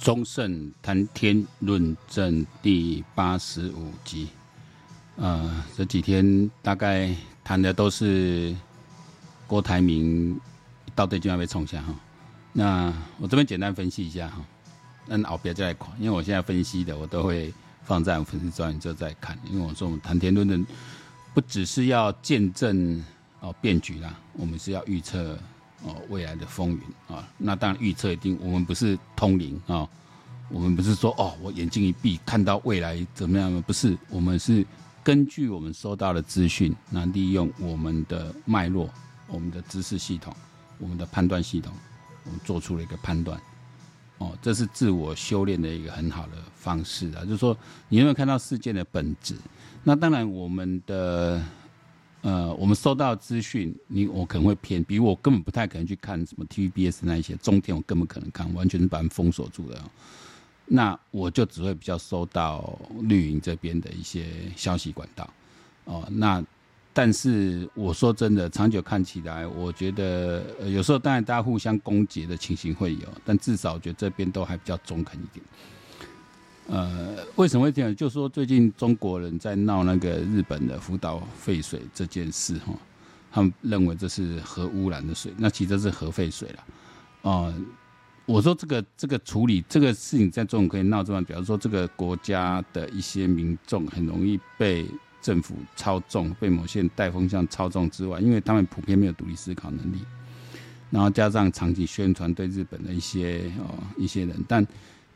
忠勝談天論政第八十五集，呃，這幾天大概談的都是郭台銘，到底就要被沖下哈、哦。那我這邊簡單分析一下哈，那別再看，因為我現在分析的我都會放在我粉絲專頁之後再看，因為我說我們談天論政不只是要見證哦變局啦，我們是要預測。哦，未來的風雲啊，那當然預測一定。我們不是通靈啊，我們不是說哦，我眼睛一閉看到未來怎麼樣？不是，我們是根據我們收到的資訊，那利用我們的脈絡、我們的知識系統、我們的判斷系統，我們做出了一個判斷。哦，這是自我修煉的一個很好的方式啊，就是說你有沒有看到事件的本質？那當然，我們的。呃，我們收到資訊，你我可能會偏，比如我根本不太可能去看什麼 TVBS 那一些、中天，我根本可能看，完全是把他們封鎖住了。那我就只會比較收到綠營這邊的一些消息管道哦、呃。那但是我說真的，長久看起來，我覺得有時候當然大家互相攻訐的情形會有，但至少我覺得這邊都還比較中肯一點。呃，為什麼會這樣？就是說最近中國人在鬧那個日本的福島廢水這件事，哈，他們認為這是核污染的水，那其實這是核廢水了。啊、呃，我說這個這個處理這個事情，在中國可以鬧之外，比方說這個國家的一些民眾很容易被政府操縱，被某些帶風向操縱之外，因為他們普遍沒有獨立思考能力，然後加上長期宣傳對日本的一些哦一些人，但。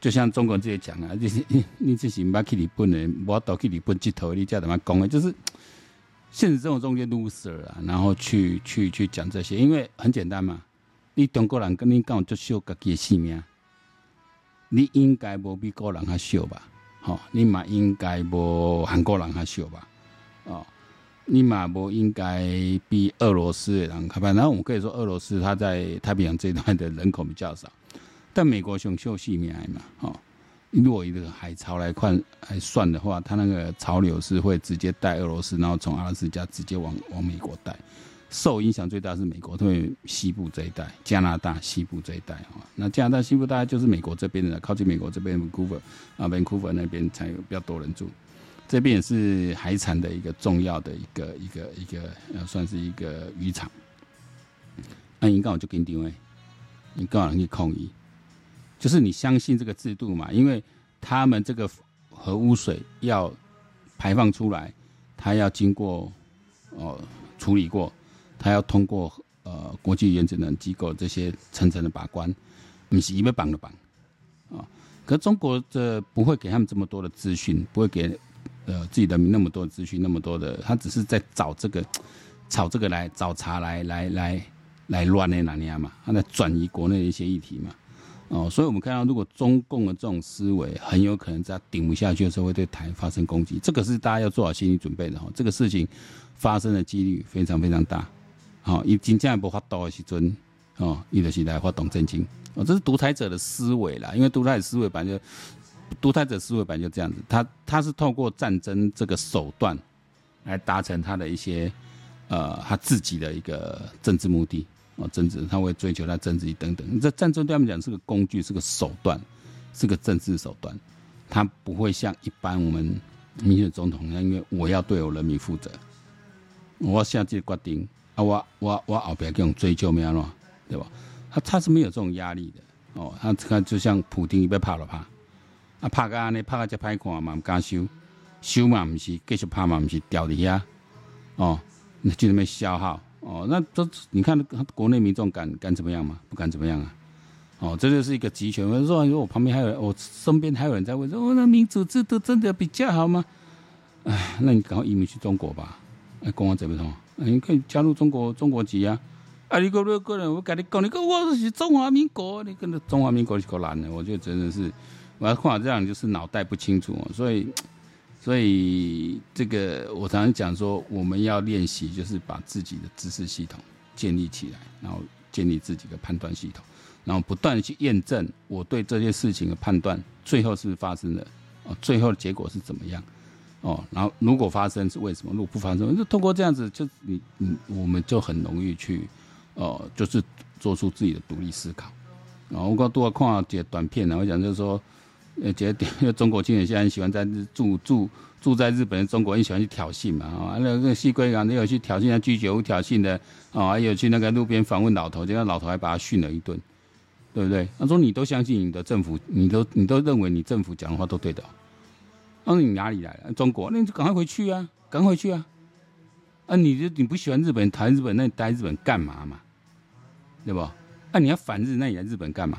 就像中國人這些講啊，就是你只是不要去日本的，我到去日本接頭，你叫他樣講啊，就是現實生活中間 loser 啊，然後去去去講這些，因為很簡單嘛，你中國人跟你講就秀自己的性命，你應該不比國人還小吧？好，你嘛應該不韓國人還小吧？哦，你嘛不應該、哦、比俄羅斯的人還，然後我們可以說俄羅斯它在太平洋這一段的人口比較少。但美國雄秀系面來嘛，哦，如果一個海潮來算，還算的話，它那個潮流是會直接帶俄羅斯，然後從阿拉斯加直接往往美國帶。受影響最大是美國，特別西部這一帶，加拿大西部這一帶。那加拿大西部大概就是美國這邊的，靠近美國這邊的 Vancouver 啊，Vancouver 那邊才有比較多人住。這邊也是海產的一個重要的一個一個一個、一個、啊，算是一個漁場。那你剛好就給你定位，你剛好可以控魚。就是你相信這個制度嘛？因為他們這個核污水要排放出來，他要經過哦、呃、處理過，他要通過呃國際原子能機構這些層層的把關，你是一杯綁的綁啊！可中國這不會給他們這麼多的資訊，不會給呃自己人民那麼多的資訊，那麼多的，他只是在找這個炒這個來找茬來來來來亂的那尼阿嘛，他在轉移國內的一些議題嘛。哦，所以我們看到，如果中共的這種思維很有可能在頂不下去的時候，會對台發生攻擊，這個是大家要做好心理準備的哈。這個事情發生的幾率非常非常大。好，已經進一步發動的時陣，哦，伊就是來發動戰爭。哦，這是獨裁者的思維啦，因為獨裁者思維本來就，獨裁者思維本來就這樣子，他他是透過戰爭這個手段來達成他的一些，呃，他自己的一個政治目的。哦，政治他會追求他政治，等等。你這戰爭對他們講是個工具，是個手段，是個政治手段。他不會像一般我們民選總統，因為我要對我人民負責，哦、我要下個決定啊，我我我後邊跟追究咪阿喏，對吧？他他是沒有這種壓力的哦。他、啊、他就像普京一樣拍了拍，啊拍甲安尼，拍個只拍款嘛唔敢收，收嘛唔是繼續拍嘛唔是掉理下，哦，那就那麼消耗。哦，那這你看他國，國內民眾敢敢怎麼樣嗎？不敢怎麼樣啊！哦，這就是一個集權。我說，我旁邊還有人，我身邊還有人在問說，說，哦，那民主制度真的比較好嗎？哎，那你趕快移民去中國吧！哎，跟我怎麼說，你可以加入中國中國籍啊。啊，你國外國人，我跟你講，你跟我是中華民國，你跟着中華民國去搞藍的，我就真的是，我要看這樣就是腦袋不清楚所以。所以這個我常常講說，我們要練習，就是把自己的知識系統建立起來，然後建立自己的判斷系統，然後不斷去驗證我對這些事情的判斷，最後是發生了哦，最後的結果是怎麼樣哦？然後如果發生是為什麼？如果不發生，就通過這樣子，就你你我們就很容易去哦，就是做出自己的獨立思考。然後我剛多要看幾個短片然後講就是說。呃，覺得中國青年，現在喜歡在住住住在日本的中國人喜歡去挑釁嘛，啊，那個西龜港，你有去挑釁，他拒絕無挑釁的，啊，還有去那個路邊訪問老頭，結果老頭還把他訓了一頓，對不對？他說你都相信你的政府，你都你都認為你政府講的話都對的。他說你哪裡來的、啊？中國，那你就趕快回去啊，趕快回去啊。啊，你你不喜歡日本，討厭日本，那你待日本幹嘛嘛，對不？啊，你要反日，那你來日本幹嘛？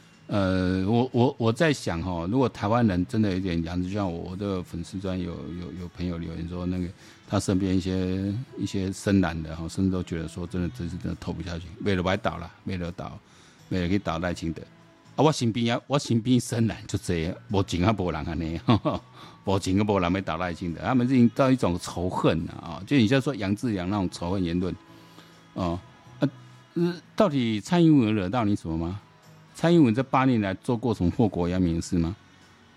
呃，我我我在想哈、哦，如果台灣人真的有點樣子，就像我的粉絲專有有有朋友留言說，那個他身邊一些一些深藍的，哦，哈，甚至都覺得說真，真的，真是真的投不下去，沒得歪倒了，沒得倒，沒得可以倒賴清德。啊，我身邊啊，我身邊深藍就這，無情啊，無浪安尼，無情啊，無浪沒倒賴清德。他們已經到一種仇恨了啊，就你像說楊志良那種仇恨言論，哦。啊，呃，到底蔡英文惹到你什麼嗎？蔡英文這八年來做過什麼禍國殃民事嗎？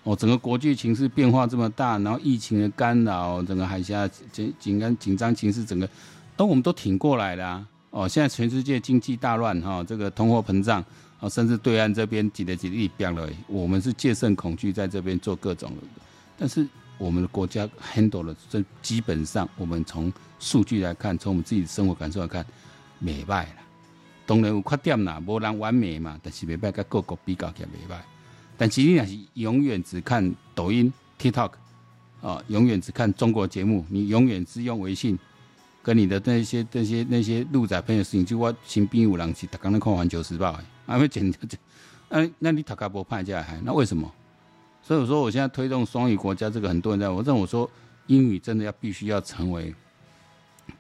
哦，整個國際情勢變化這麼大，然後疫情的干擾，整個海峽緊緊跟緊張情勢，整個，都、哦、我們都挺過來啦、啊。哦，現在全世界經濟大亂哈、哦，這個通貨膨脹，啊、哦，甚至對岸這邊擠的的，一病了我們是戒慎恐懼在這邊做各種的，但是我們的國家 handle 的，這基本上我們從數據來看，從我們自己的生活感受來看，沒敗了。當然有缺點，點啦，無人完美嘛。但是未歹，跟各國比較沒未歹。但是你也是永遠只看抖音、TikTok、哦、永遠只看中國節目，你永遠只用微信跟你的那些那些那些路仔朋友，事情就我身邊有人是剛剛在看《環球時報的》啊，還、啊、沒檢查哎，那你塔卡波派下來還那為什麼？所以我說，我現在推動雙語國家這個，很多人在我認為我說英語真的要必須要成為。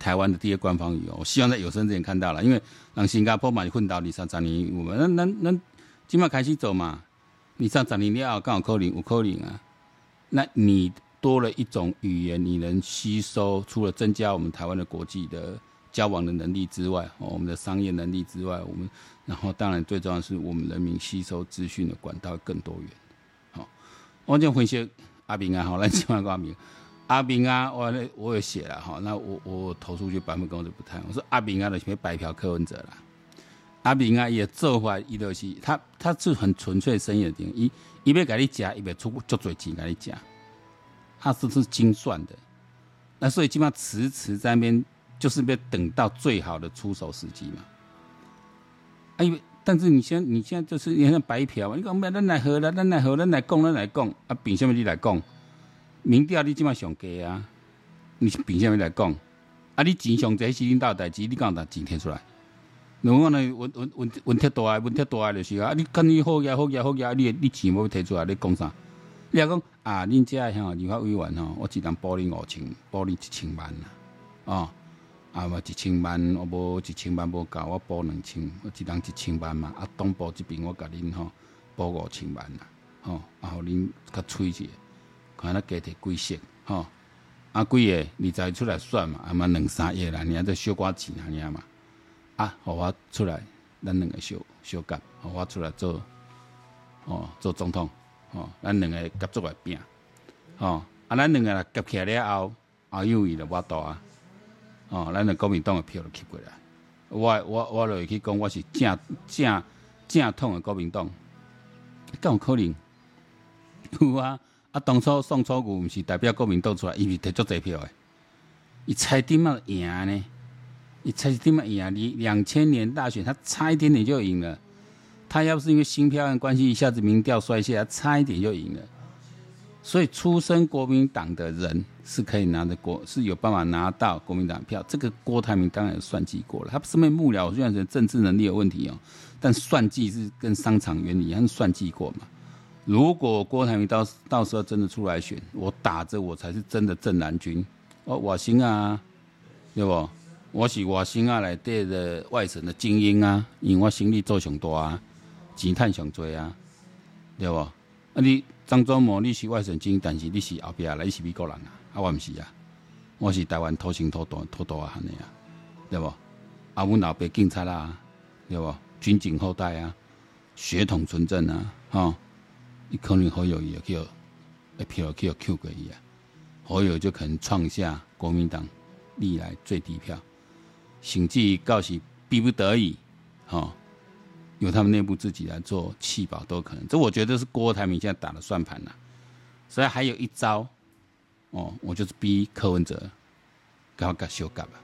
台灣的第二官方語哦，我希望在有生之年看到了，因為讓新加坡嘛，就混到你上漲停我們我們嘛，那那那，起碼開始走嘛，你上漲停你要剛好扣零，我扣零啊，那你多了一種語言，你能吸收，除了增加我們台灣的國際的交往的能力之外，我們的商業能力之外，我們然後當然最重要的是我們人民吸收資訊的管道更多元。好，我這樣分析阿銘啊，好，來請問阿銘。阿銘啊，我那我也寫了哈，那我我投出去百分之工就不談。我說阿銘啊，都準備白嫖柯文哲了。阿銘啊，也做法伊就是，他他是很純粹的生意的型，一一邊給你講，一邊出足多錢給你講，他是是精算的。那所以基本上遲遲在那邊，就是要等到最好的出手時機嘛。啊，因為但是你現你現在就是你很像白嫖嘛，你講咩？咱來喝啦，咱來喝，咱來共咱來共。阿銘什麼就來講。民調你即馬上計啊！你憑啥物來講？啊！你錢上濟是恁兜代志，啊、你敢有講整摕出來？如果按呢？阮阮阮阮摕倒來啊！阮摕倒來啊！着是啊！你跟你好額好額好額，你你錢冇摕出來，你講啥？你若講啊！恁遮家鄉立法委員吼，我一人補你五千，補你一千萬啊，啊。哦，啊嘛一千萬，我無一千萬無夠我補兩千，我一人一千萬嘛、啊。啊！東部即邊我甲恁吼補五千萬啦！吼，啊，互恁較催一下。啊，那給提貴些，吼！啊幾個二十個出來算嘛？阿嘛兩三個啦，你還在小瓜子那呀嘛？啊，互我出來，咱兩個削削互我出來做，吼、哦，做總統，吼、哦，咱兩個合作來拼，吼、哦，啊，咱兩個結起了後，啊，又一個我到啊，吼，咱國的，的國民黨誒票都吸過來，我我我會去講，我是正正正統誒國民黨，敢有可能？有啊！啊，當初宋楚瑜不是代表國民黨出來，伊為得足這票誒。你差一點贏呢，你差一點贏。你兩千年大選，他差一點點就贏了。他要不是因為興票案的關係，一下子民調衰下，他差一點就贏了。所以，出身國民黨的人是可以拿得過，是有辦法拿到國民黨票。這個郭台銘當然算計過了，他身邊幕僚我雖然政治能力有問題哦，但算計是跟商場原理一樣，他是算計過嘛。如果郭台銘到到時候真的出來選，我打着我才是真的正藍軍哦，我外省仔啊，對不？我是外省仔啊，內底的外省的精英啊，因為我生意做上多啊，錢賺上多啊，對不？啊你，你張忠謀你是外省精英，但是你是後壁啊，你是美國人啊，啊，我不是啊，我是台灣土生土大土大啊那樣啊，對不？啊，我老爸警察啊，對不？軍警後代啊，血統純正啊，啊、哦。可能侯友也有票，有 Q 個億啊，侯友就可能創下國民黨歷來最低票，行跡告急，逼不得已，哈、哦，由他們內部自己來做棄保都可能，這我覺得是郭台銘現在打的算盤了，所以還有一招，哦，我就是逼柯文哲搞個修改吧，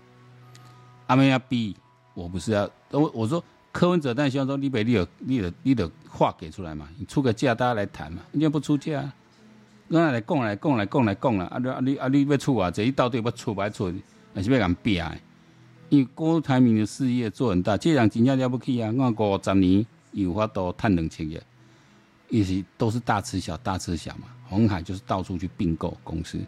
他們、啊、要逼我不是要，我我說。柯文哲但希望說，你把你的你的你的話給出來嘛，你出個價大家來談嘛，你又不出價，那來講、啊、來講、啊、來講、啊、來講了、啊，啊你啊你啊你要出啊，這一到底不出不出要出不出，還是要人逼的？因為郭台銘的事業做很大，這人真正了不起啊，我五十年有法度趁兩千個，也是都是大吃小，大吃小嘛，鴻海就是到處去併購公司。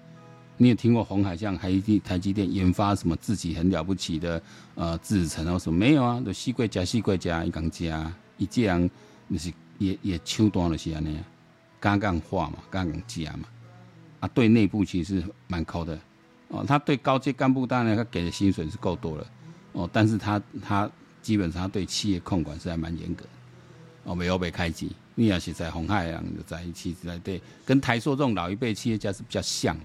你也聽過鴻海像台積電研發什麼自己很了不起的呃製程麼，然後說沒有啊，都西貴加西貴加一缸，加一這樣，就是也也手段就是安尼，干鋼化嘛，干鋼加嘛。啊，對內部其實蠻摳的哦，他對高級幹部當然他給的薪水是夠多了哦，但是他他基本上他對企業控管是還蠻嚴格哦，沒有被開除。你也是在鴻海就在一起在對，跟台塑這種老一輩企業家是比較像、啊。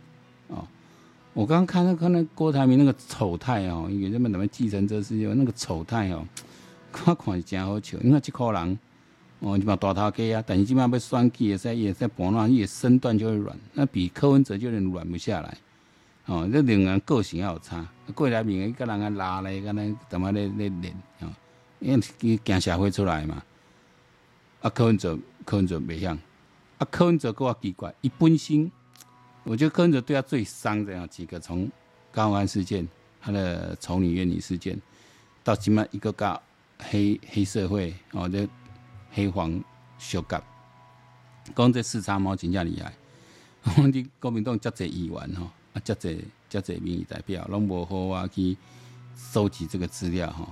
我剛剛看那看那郭台銘那個醜態哦，因為這邊準備繼承這事業，那個醜態哦，我看是真好笑，你看這個人哦，即嘛大頭家啊，但是即嘛要雙擊也是也是保暖，伊身段就會軟，那比柯文哲就有點軟不下來哦，這兩個人個性也有差，郭台銘一個人拉來，一個人怎麼的那臉哦，因為佮社會出來嘛，啊柯文哲柯文哲，柯文哲不一樣，啊柯文哲佫較奇怪，伊本身。我覺得就跟着對他最傷的啊，幾個，從高安事件，他的醜女怨女事件，到今麥一個搞黑黑社會哦， 這黑黃相甲，講這四叉貓真正厲害。我們滴國民黨，加濟議員哈，啊加濟加濟民意代表，攏無好啊去收集這個資料哈。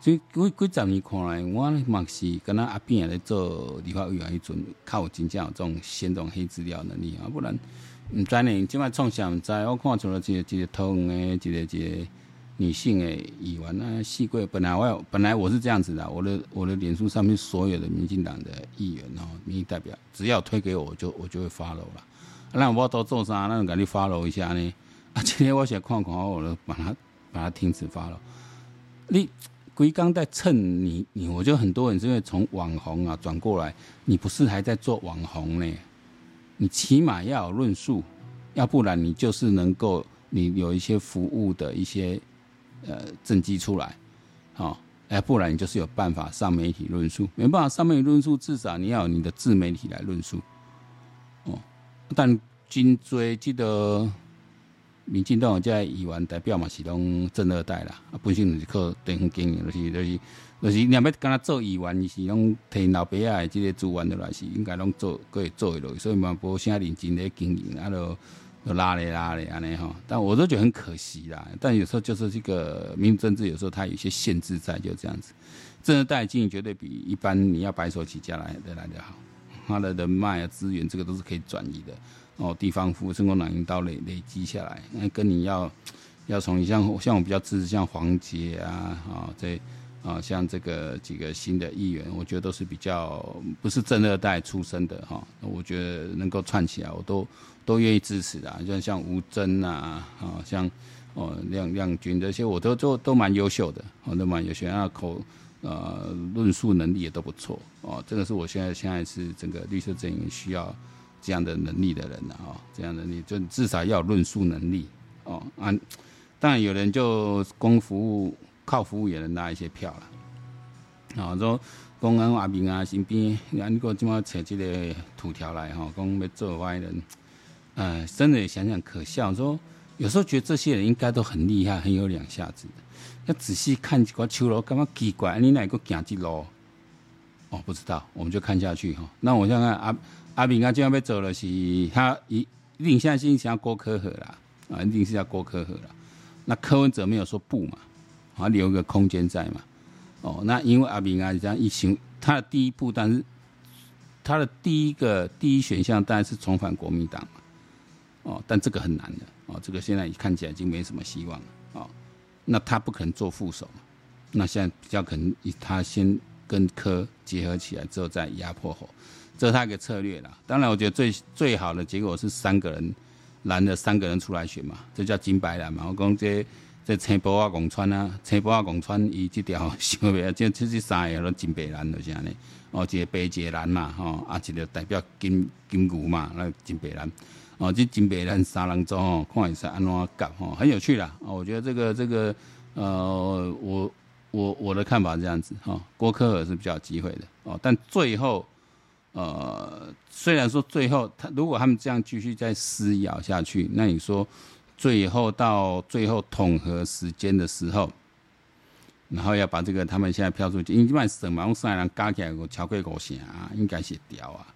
所以幾，我我在你看來，我嘛是跟他阿兵來做立法委員一，一準靠真正有這種先這種黑資料能力，不然。唔知呢，即賣衝上唔知，我看除了幾個幾個通誒，幾個幾女性誒議員啊，四過本來我有本來我是這樣子的，我的我的臉書上面所有的民進黨的議員哦，民意代表，只要推給我，我就我就會發嘍啦。那、啊、我都做啥？那敢去發嘍一下呢？啊，今、這、天、個、我先看著看著，我都把它把它停止發嘍。你鬼剛在蹭你你，我覺得很多人是因為從網紅啊轉過來，你不是還在做網紅呢？你起碼要有論述，要不然你就是能夠你有一些服務的一些，呃，政績出來，好、哦，要不然你就是有辦法上媒體論述，沒辦法上媒體論述，至少你要有你的自媒體來論述，哦，但真多即得，民進黨在議員代表嘛，其攏政二代啦，不信你的課靠黨經營，就是、就是就是你要要跟他做議員是用替老爸爺的這個資源的來是應該攏做，可以做一落所以嘛現在認真的經營，啊咯，就拉咧拉咧安尼吼。但我都覺得很可惜啦。但有時候就是這個民主政治有時候它有些限制在，就這樣子。政治代經營絕對比一般你要白手起家來就來比較好，他的人脈啊資源這個都是可以轉移的。哦，地方服務生活能到，生功老鷹刀累累積下來，那跟你要要從你像像我比較支持像黃捷啊，啊、哦、這。啊，像這個幾個新的議員，我覺得都是比較不是政二代出身的哈。我覺得能夠串起來，我都都願意支持就啊，像像吳崢啊，啊，像哦亮亮君這些，我都做都蠻優秀的，我都蠻優秀要口呃論述能力也都不錯哦。這個是我現在現在是整個綠色陣營需要這樣的能力的人啊、哦，這樣的能力就至少要有論述能力哦啊。但有人就公服務。靠服務員能拿一些票了，然、哦、後說公安阿銘啊，身邊，俺過怎這個土條來哈？講要做歪人，嗯，真的想想可笑。說有時候覺得這些人應該都很厲害，很有兩下子。要仔細看，我邱老幹嘛奇怪？你哪個哦，不知道，我們就看下去哈、哦。那我看看阿阿銘啊，今晚、啊、要做了、就是他一定相信郭柯啦啊，一定是要郭柯了。那柯文哲沒有說不嘛？還留一個空間在嘛？哦，那因為阿銘啊這樣一行，他的第一步，但是他的第一個第一選項當然是重返國民黨嘛。哦，但這個很難的，哦，這個現在看起來已經沒什麼希望了。哦，那他不可能做副手嘛，那現在比較可能以他先跟柯結合起來之後再壓迫侯，這是他一個策略啦。當然，我覺得最最好的結果是三個人藍的三個人出來選嘛，這叫金白藍嘛。我講這。這青埔啊，貢川啊，青埔啊，貢川，伊即條相對啊，這其是三個都金白藍就是安尼，哦，一個白一個藍嘛，吼、哦，啊，一個代表金金牛嘛，那金、個、白藍，哦，這金白藍三人組哦，看一下安怎麼搞，哦，很有趣啦，哦，我覺得這個這個，呃，我我我的看法是這樣子，哈、哦，郭柯侯是比較有機會的，哦，但最後，呃，雖然說最後他如果他們這樣繼續再撕咬下去，那你說？最後到最後統合時間的時候，然後要把這個他們現在票出去，因為慢省忙上來人加起來有超過五成啊，應該是掉啊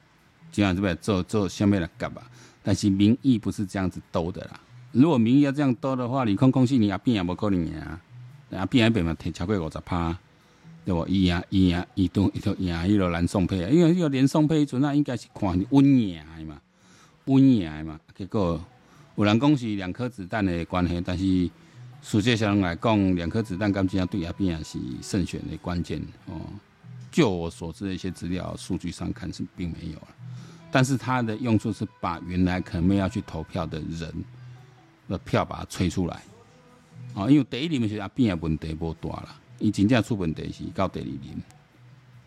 是是，這樣子來做做下面來夾啊。但是民意不是這樣子多的啦，如果民意要這樣多的話，你看公司你阿扁也無可能啊，阿扁那邊嘛提超過五十趴、啊，對不？一樣一樣，一多一多一樣，伊個連宋配，啊，因為伊個連宋配，陣啊應該是看穩贏嘛，穩、嗯、贏嘛，結果。有人講是兩顆子彈的關係，但是實際上來講，兩顆子彈敢真正對阿扁也是勝選的關鍵哦。就我所知的一些資料數據上看是並沒有了，但是它的用處是把原來可能要去投票的人的票把它催出來哦。因為第一任是阿扁的問題無大了，伊真正出問題是到第二任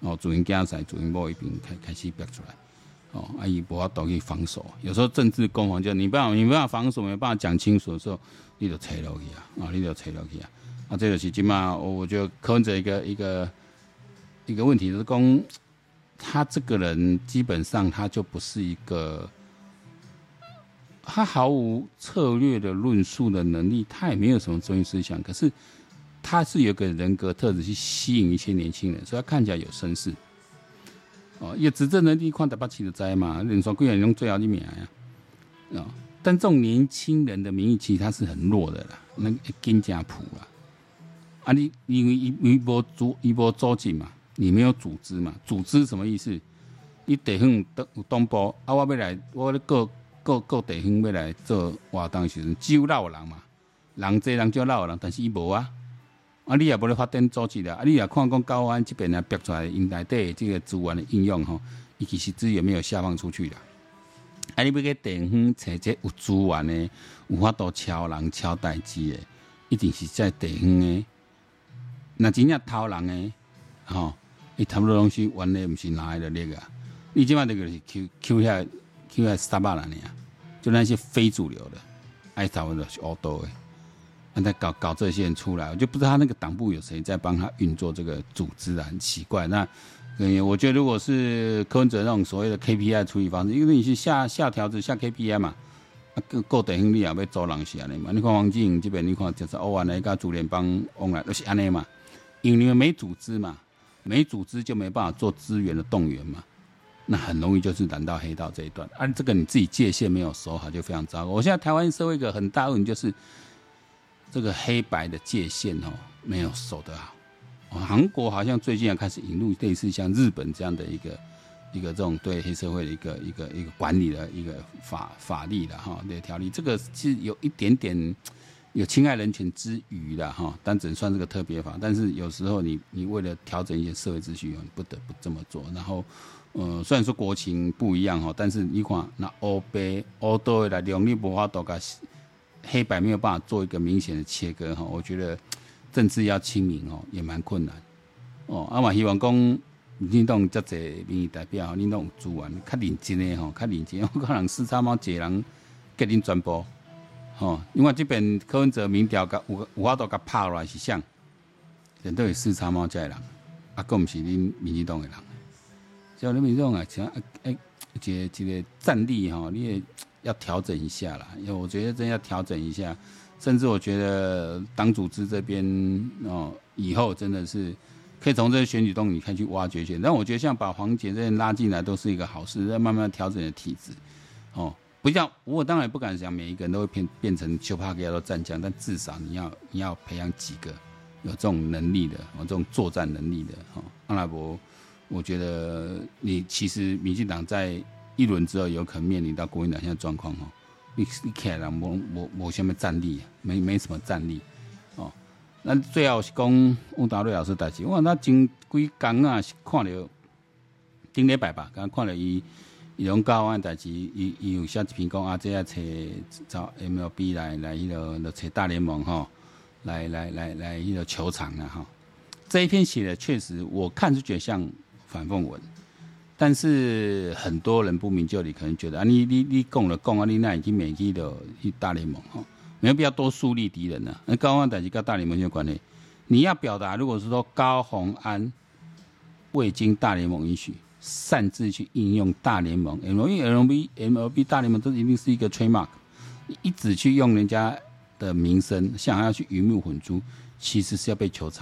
哦，主人家在主人某一邊開開始逼出來。哦，啊，伊無法獨立防守，有時候政治攻防就你沒辦你沒辦法防守，沒辦法講清楚的時候，你就拆落去啊，啊，你就拆落去啊，啊，這個其實我就覺得看這一個一個一個問題，就是攻他這個人基本上他就不是一個，他毫無策略的論述的能力，他也沒有什麼中心思想，可是他是有個人格特質去吸引一些年輕人，所以他看起來有聲勢。哦，一個執政能力，看逐擺起着災嘛。連續幾年攏最後一名啊，哦，但這種年輕人的民意基，他是很弱的啦，那更加普啦。啊你，你因為伊伊無組伊無組織嘛，你沒有組織嘛？組織什麼意思？你地方有，有，有東部啊，我要來，我各各各地方要來做活動時陣，只有老的人嘛，人濟人就老的人，但是伊無啊。啊，你也無咧發展組織了，啊，你也看講高安這邊啊，逼出來應該誒這個資源誒應用吼、伊，其實資源沒有下放出去了。啊，你不要地方找這個有資源誒，有法度超人超代志誒，一定是在地方誒。若真正偷人誒吼，伊、喔、差不多東西玩的毋是哪誒，個那啊，你即馬這個是 Q Q 下 Q 下三百人呢，就那些非主流的，哎、啊，差不多是好多誒。那在搞搞這些人出來，我就不知道他那個黨部有誰在幫他運作這個組織啊，很奇怪。那，嗯、我覺得如果是柯文哲那種所謂的 KPI 處理方式，因為你是下下條子，下 KPI 嘛，夠夠於你力啊，要走人是安嘛。你看黃俊英這邊，你看就是萬的一個主聯幫翁來都是安尼嘛，因為你們沒組織嘛，沒組織就沒辦法做資源的動員嘛，那很容易就是染到黑道這一段。而、啊、這個你自己界限沒有守好，就非常糟糕。我現在台灣社會一個很大問題就是。這個黑白的界限哦，沒有守得好。韓國好像最近開始引入類似像日本這樣的一個一個這種對黑社會的一個一個一個管理的一個法法律的哈的條例，這個是有一點點有侵害人權之餘的哈，但只能算是個特別法。但是有時候你你為了調整一些社會秩序，你不得不這麼做。然後呃，雖然說國情不一樣哈，但是你看那歐北歐多的勞動力化多加黑白沒有辦法做一個明顯的切割哈，我覺得政治要清明哦，也蠻困難哦。啊嘛希望講民進黨遮濟民意代表，你那種資源較認真的吼，較認真，我看人四三貓濟人給你傳播吼，因為這邊柯文哲民調有有法度給拍落來是像，人都有四三察貓在人，啊，個唔是恁民進黨的人，就恁民進黨啊，像一一個一個戰力吼，你要調整一下啦，因為我覺得真的要調整一下，甚至我覺得黨組織這邊哦，以後真的是可以從這些選舉動你開始挖掘一些。但我覺得像把黃杰這些拉進來都是一個好事，要慢慢調整你的體制。哦，不像我當然不敢想每一個人都會變變成丘帕克亞的戰將，但至少你要你要培養幾個有這種能力的，有、哦、這種作戰能力的。哦，阿拉伯，我覺得你其實民進黨在。一輪之後，有可能面臨到國民黨狀況哦。你你看了，我我我下面戰力沒沒，沒什麼戰力，麼戰力哦。那最後是講翁達瑞老師代志。我那真規工啊是看了頂禮拜吧，剛看了伊伊種交往的代志，伊伊有寫一篇講啊，杰、這、啊、個、找找 MLB 來來迄、那個來找大聯盟吼、哦，來來來來迄個球場啊吼、哦。這一篇寫的確實，我看是覺得像反諷文。但是很多人不明就裡，可能覺得啊你，你你你共了共啊，你那已經美職的一大聯盟哦、喔，沒有必要多樹立敵人那、啊、高宏安等級跟大聯盟有關聯，你要表達，如果是說高宏安未經大聯盟允許，擅自去應用大聯盟，因為 L B M L B 大聯盟這一定是一個 trademark，一直去用人家的名聲，想要去魚目混珠，其實是要被求償。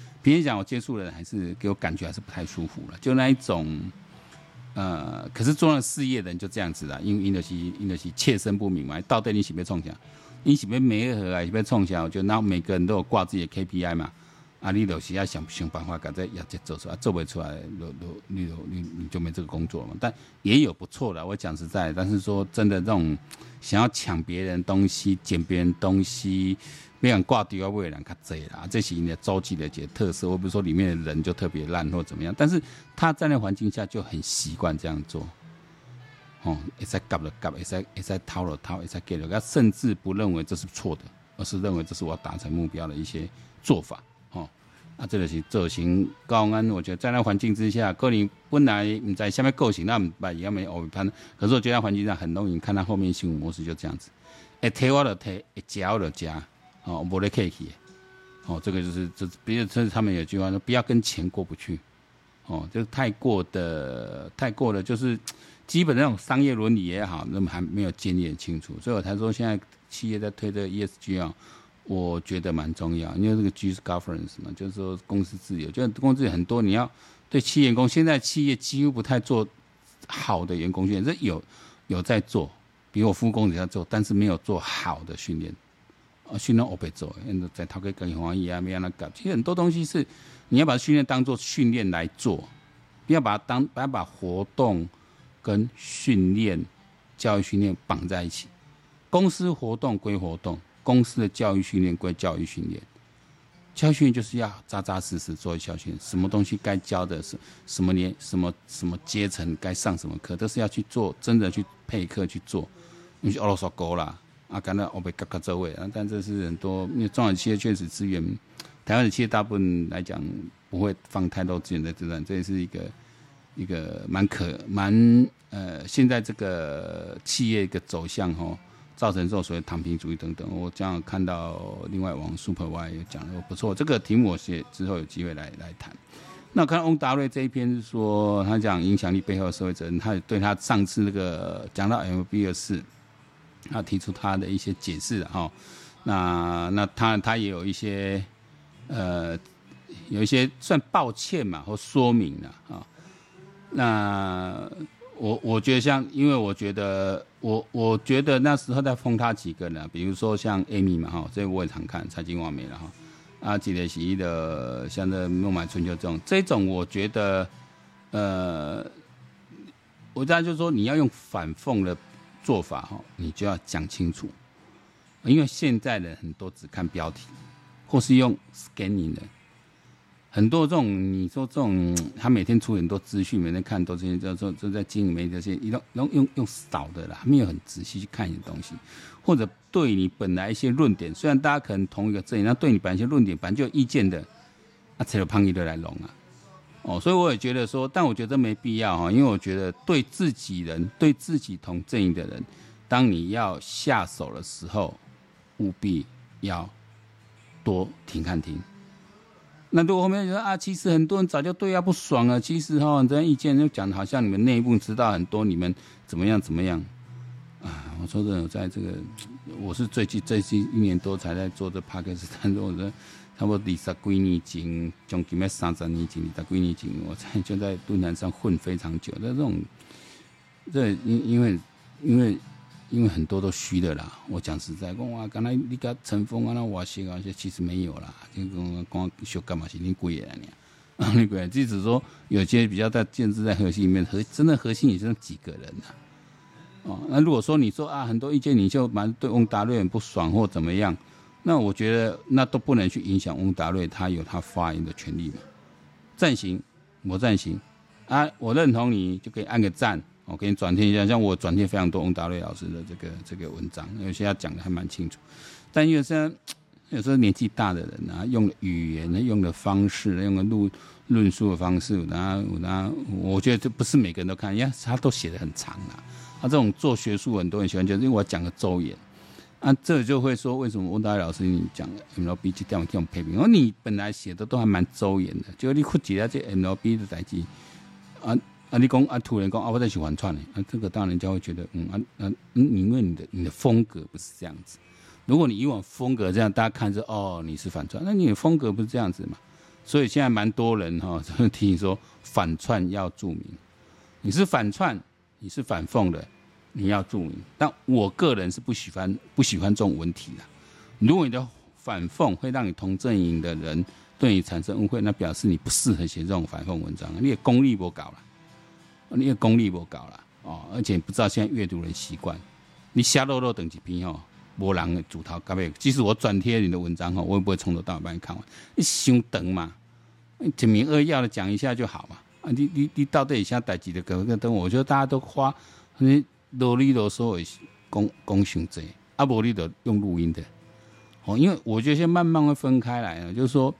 別人講我接觸的人還是給我感覺還是不太舒服了，就那一種，呃，可是做了事業的人就這樣子啦，因為因得起因得起切身不明白到底你喜不喜歡沖下，你喜不喜歡沒和啊，喜不喜歡沖下，我覺得那每個人都有掛自己的 KPI 嘛。啊，你有時要想想辦法，趕在亞傑做出來，做不出來，你你就你就你，你就沒這個工作了嘛。但也有不錯的，我講實在，但是說真的，這種想要搶別人東西、撿別人東西、被人掛掉的、被人卡債啦，這是人家招集的一些特色。我比如說裡面的人就特別爛，或怎麼樣，但是他在那環境下就很習慣這樣做。哦，也在搞了搞，也在也在掏了掏，也在給了，他甚至不認為這是錯的，而是認為這是我要達成目標的一些做法。啊，這個是走行高安。我覺得在那環境之下，個人本來你在下面構型，那把咪伊阿偶後判。可是我覺得那環境上，很容易你看到後面行為模式就這樣子，一退我就退，一加我就加，哦，沒在客氣。哦，這個就是，這比如，這他們有句話說，不要跟錢過不去。哦，就太過的，太過的，就是基本那種商業倫理也好，那麼還沒有建立很清楚。所以我才說，現在企業在推這個 ESG 啊、哦。我覺得蠻重要，因為這個 governance 嘛，就是說公司自由，就是公司很多你要對企業員工。現在企業幾乎不太做好的員工訓練，這有有在做，比如我復工你要做，但是沒有做好的訓練。啊，訓練我被做 e n 在逃可跟跟黃一樣沒讓他搞。其實很多東西是你要把訓練當做訓練來做，不要把它當不要把，把活動跟訓練、教育訓練綁在一起。公司活動歸活動。公司的教育訓練歸教育訓練，教育訓練就是要扎扎實實做教訓。什麼東西該教的是什麼年什麼什麼階層該上什麼課，都是要去做，真的去配課去做。你去歐洲斯狗啦，啊，干到我被嘎嘎周圍，但這是很多因為中小企業確實資源，台灣的企業大部分來講不會放太多資源在這端，這也是一個一個蠻可蠻呃，現在這個企業一個走向哦。造成之後，所謂躺平主義等等，我這樣看到另外王 Super Y 也講的不錯，這個題目我寫之後有機會來來談。那看翁達瑞這一篇是說，他講影響力背後的社會責任，他也對他上次那個講到 M B 的事，他提出他的一些解釋哈。那那他他也有一些呃有一些算抱歉嘛或說明了。啊。那我我覺得像因為我覺得。我我覺得那時候在封他幾個人，啊，比如說像 Amy 嘛哈，這我也常看財經網美了哈，啊，幾連喜的，像那《孟買春秋》這種，這種我覺得，呃，我這樣就是說你要用反諷的做法哈，你就要講清楚，因為現在的很多只看標題，或是用 scanning 的。很多這種，你說這種，他每天出很多資訊，每天看多資訊，就就在經營這些，弄用用用少的啦，沒有很仔細去看一些東西，或者對你本來一些論點，雖然大家可能同一個陣營，但對你本來一些論點，反正就有意見的，那才有胖一的來龍啊。哦，所以我也覺得說，但我覺得沒必要啊，因為我覺得對自己人、對自己同陣營的人，當你要下手的時候，務必要多停、看、聽。那如果後面你說啊，其實很多人早就對啊不爽啊，其實哈，很、哦、多意見就講好像你們內部知道很多，你們怎麼樣怎麼樣啊？我說的我在這個，我是最近最近一年多才在做這 podcast，但是我的差不多二十幾年經，將近三十幾年，二十幾年，我在就在論壇上混非常久，的這種這因因為因為。因為因為很多都虛的啦，我講實在，我講啊，剛才你講陳峰啊，那我些啊些，其實沒有啦。就跟我講說幹嘛？是你貴人啊，你貴人。即使說有些比較在建制在核心裡面，核，真的核心也就那幾個人的、啊。哦、啊，那如果說你說啊，很多意見你就蠻對翁達瑞很不爽或怎麼樣，那我覺得那都不能去影響翁達瑞，他有他發言的權利嘛。贊成，我贊成，啊，我認同你就可以按個讚。我給你轉貼一下，像我轉貼非常多翁達瑞老師的這個這個文章，有些他講的還蠻清楚。但因為現在，有時候年紀大的人啊，用語言的、用的方式、用的論論述的方式，然後然後我覺得這不是每個人都看，因為他都寫的很長啊，啊。他這種做學術，很多人喜歡就是因為我要講個周延，啊，這就會說為什麼翁達瑞老師你講 MLB 去掉這種批評，因而你本來寫的都還蠻周延的，結果你，只要你忽略這 MLB 的代志啊。啊，你講啊，土人講啊，我最喜歡串呢，啊，這個當然人家會覺得，嗯，啊，你、啊嗯、因為你的你的風格不是這樣子。如果你以往風格這樣，大家看着哦，你是反串，那你的風格不是這樣子嘛？所以現在蠻多人哈，提、哦、醒說反串要注明，你是反串，你是反諷的，你要注明。但我個人是不喜歡不喜歡這種文體的。如果你的反諷會讓你同陣營的人對你產生誤會，那表示你不適合寫這種反諷文章，你的功力不高了。你的功力不高了哦，而且不知道現在閱讀的習慣，你下落落等幾篇哦，沒人主頭搞不？即使我轉貼你的文章哦，我也不會從頭到尾幫你看完，你先等嘛，簡明扼要的講一下就好嘛。啊，你你你到底里下待幾的格格等，我覺得大家都花你囉哩囉嗦的功功行濟，阿無哩的用錄音的哦，因為我覺得先慢慢會分開來了，就是說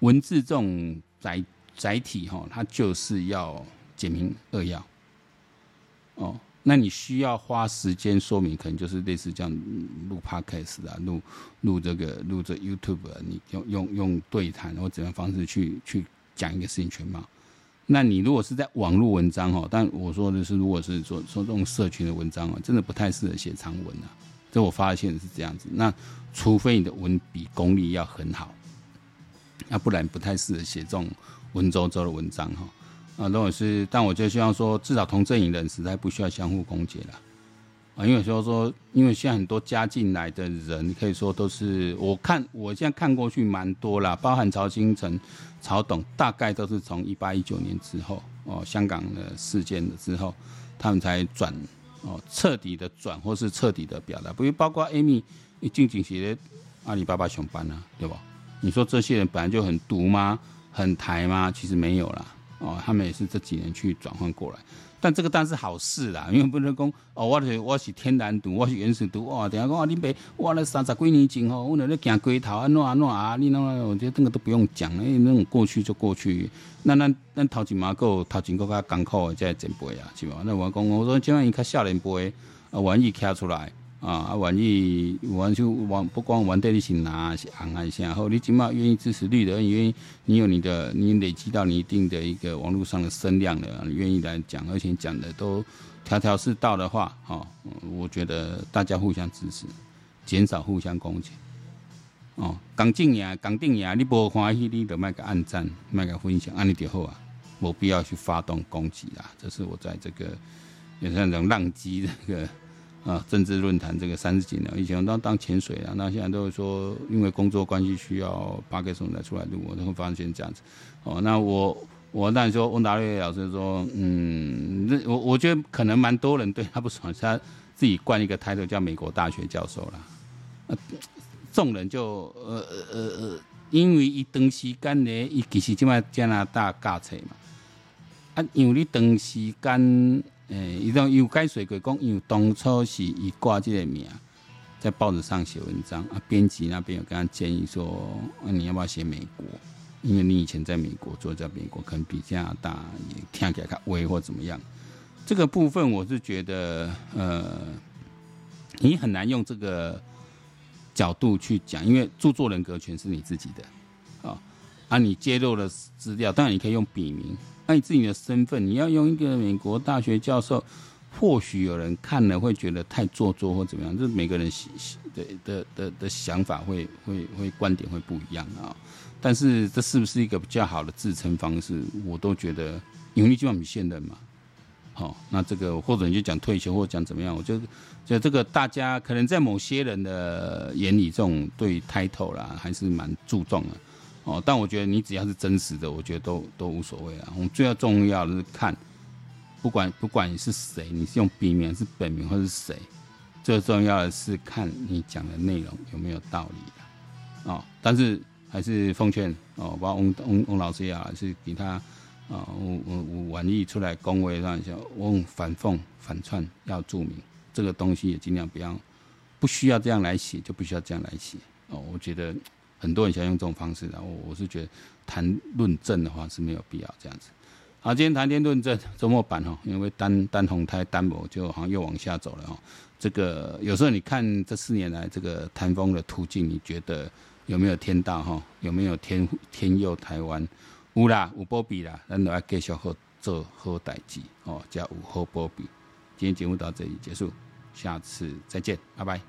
文字這種載載體哈、哦，它就是要。簡明扼要，哦，那你需要花時間說明，可能就是類似這樣錄、嗯、podcast 啊，錄錄這個錄這 YouTube、啊、你用用用對談或怎樣方式去去講一個事情全貌。那你如果是在網絡文章哦，但我說的是，如果是說說這種社群的文章哦，真的不太適合寫長文啊。這我發現是這樣子。那除非你的文筆功力要很好，要、啊、不然不太適合寫這種文縐縐的文章哈。啊，如果是，但我就希望說，至少同陣營的人實在不需要相互攻訐了啊。因為說說，因為現在很多加進來的人，可以說都是，我看我現在看過去蠻多啦，包含曹興誠、曹董，大概都是從一八、一九年之後哦，香港的事件的之後，他們才轉哦，徹底的轉或是徹底的表達。比如包括 Amy、進警協阿里巴巴熊班啊，對吧？你說這些人本來就很獨嗎？很台嗎？其實沒有啦。哦，他們也是這幾年去轉換過來，但這個當然是好事啦，因為不能講哦，我是我是天然獨，我是原始獨哦，等下講哦、啊，你別我那三十幾年前吼，我那那行街頭啊，喏啊喏啊，你那我覺得這個都不用講，因、哎、為那種過去就過去，那那那頭前嘛夠，頭前夠較艱苦再減肥啊，是無？那我講我說這樣因較少年輩啊，萬、呃、意看出來。啊、哦！啊，玩意，玩就玩，不光玩對立是難，是難啊！然後你起碼願意支持綠的，願意，你有你的，你累積到你一定的一個網絡上的聲量了，願、啊、意來講，而且講的都條條是道的話，哈、哦，我覺得大家互相支持，減少互相攻擊。哦，剛進呀，剛定呀，你不歡喜，你就買個按讚，買個分享，按你就好啊，沒必要去發動攻擊啊！這是我在這個也算種浪擊這個。啊，政治論壇這個三十幾年以前，都當潛水啊，那現在都是說，因為工作關係需要八個什才出來錄，我都會發現這樣子。哦，那我我那時候翁達瑞老師說，嗯，那我我覺得可能蠻多人對他不爽，他自己冠一個 title 叫美國大學教授啦。眾、呃、人就呃呃呃，因為一長時間呢，一其實即賣加拿大尬車嘛，啊，因為一長時間。誒，一當、欸、有解釋過，講有為當初是伊掛的個名，在報紙上寫文章啊，編輯那邊有跟他建議說，啊、你要不要寫美國？因為你以前在美國，做在美國，可能比加拿大也聽起來較威或怎麼樣。這個部分我是覺得，呃，你很難用這個角度去講，因為著作人格權是你自己的，啊、哦，啊，你揭露的資料，當然你可以用筆名。按你自己的身份，你要用一個美國大學教授，或許有人看了會覺得太做作或怎麼樣，就是每個人的的的的想法會會會觀點會不一樣啊、哦。但是這是不是一個比較好的自稱方式？我都覺得，因為你基本上沒現任嘛。好、哦，那這個或者你就講退休，或講怎麼樣，我就覺得這個大家可能在某些人的眼裡，這種對 title 啦，還是蠻注重的。哦，但我覺得你只要是真實的，我覺得都都無所謂啊。我們最要重要的是看，不管不管你是誰，你是用筆名，還是本名，或是誰，最重要的是看你講的內容有沒有道理的啊。哦，但是還是奉勸哦，包括翁翁翁老師也好，還是給他啊，哦，我我我婉意出來恭維一下，我用反諷反串要注明這個東西，也盡量不要，不需要這樣來寫，就不需要這樣來寫哦。我覺得。很多人想用這種方式、啊，然、哦、我是覺得談論政的話是沒有必要這樣子。好，今天談天論政週末版哈，因為單單紅太單博就好像又往下走了哈。這個有時候你看這四年來這個台風的途徑，你覺得有沒有天大哈、哦？有沒有天天佑台灣？有啦，有保庇啦，咱都要繼續做好大事哦，叫有好保庇。今天節目到這裡結束，下次再見，拜拜。